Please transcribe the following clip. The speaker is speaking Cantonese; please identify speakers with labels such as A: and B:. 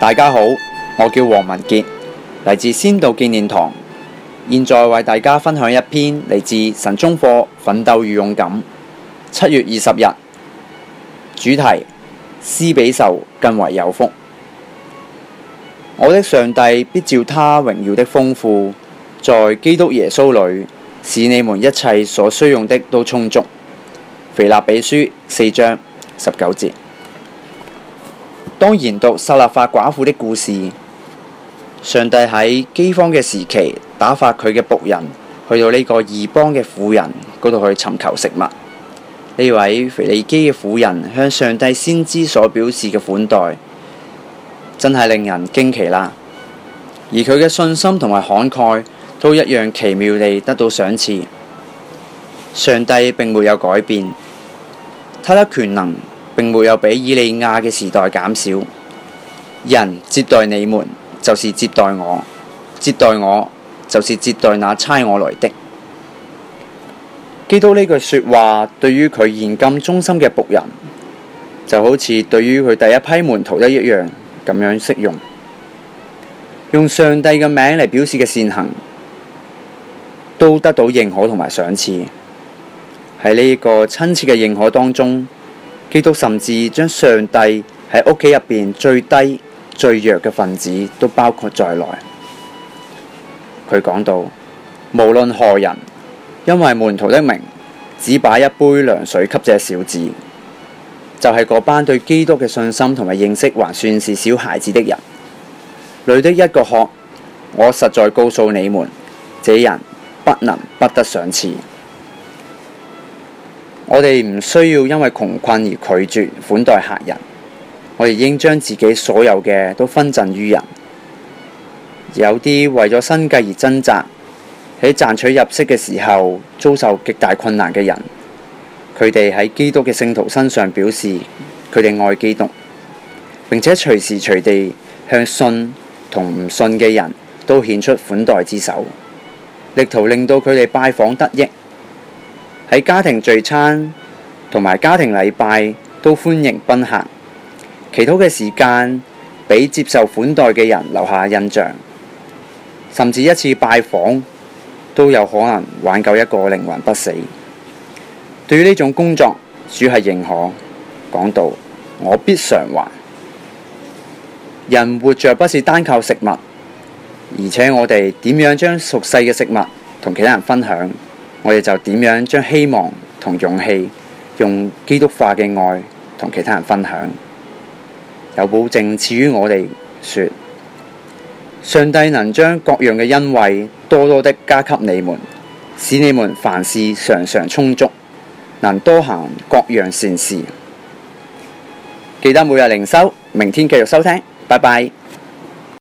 A: 大家好，我叫黃文傑，嚟自先道紀念堂。現在為大家分享一篇嚟自神中課《奮鬥與勇敢》七月二十日主題：施比受更為有福。我的上帝必照他榮耀的豐富，在基督耶穌裏，使你們一切所需用的都充足。腓立比書四章十九節。當研讀撒勒法寡婦的故事，上帝喺饑荒嘅時期打發佢嘅僕人去到呢個異邦嘅婦人嗰度去尋求食物。呢位腓尼基嘅婦人向上帝先知所表示嘅款待，真係令人驚奇啦！而佢嘅信心同埋慷慨都一樣奇妙地得到賞賜。上帝並沒有改變，他的權能，並沒有比以利亞嘅時代減少。人接待你們，就是接待我；接待我，就是接待那差我來的。基督呢句説話，對於佢現今忠心嘅僕人，就好似對於佢第一批門徒一樣咁樣適用。用上帝嘅名嚟表示嘅善行，都得到認可同埋賞賜。喺呢一個親切嘅認可當中。基督甚至將上帝喺屋企入邊最低、最弱嘅分子都包括在內。佢講到：無論何人，因為門徒的名，只把一杯涼水給這小子，就係、是、嗰班對基督嘅信心同埋認識還算是小孩子的人裏的一個喝。我實在告訴你們，這人不能不得賞賜。我哋唔需要因為窮困而拒絕款待客人，我哋應將自己所有嘅都分贈於人。有啲為咗生計而掙扎，喺賺取入息嘅時候遭受極大困難嘅人，佢哋喺基督嘅聖徒身上表示佢哋愛基督，並且隨時隨地向信同唔信嘅人都獻出款待之手，力圖令到佢哋拜訪得益。喺家庭聚餐同埋家庭禮拜都歡迎賓客，祈禱嘅時間俾接受款待嘅人留下印象，甚至一次拜訪都有可能挽救一個靈魂不死。對於呢種工作，主係認可，講到：「我必償還。」人活着不是單靠食物，而且我哋點樣將熟悉嘅食物同其他人分享？我哋就點樣將希望同勇氣，用基督化嘅愛同其他人分享。有保證賜予我哋說，上帝能將各樣嘅恩惠多多的加給你們，使你們凡事常常充足，能多行各樣善事。記得每日靈修，明天繼續收聽，拜拜。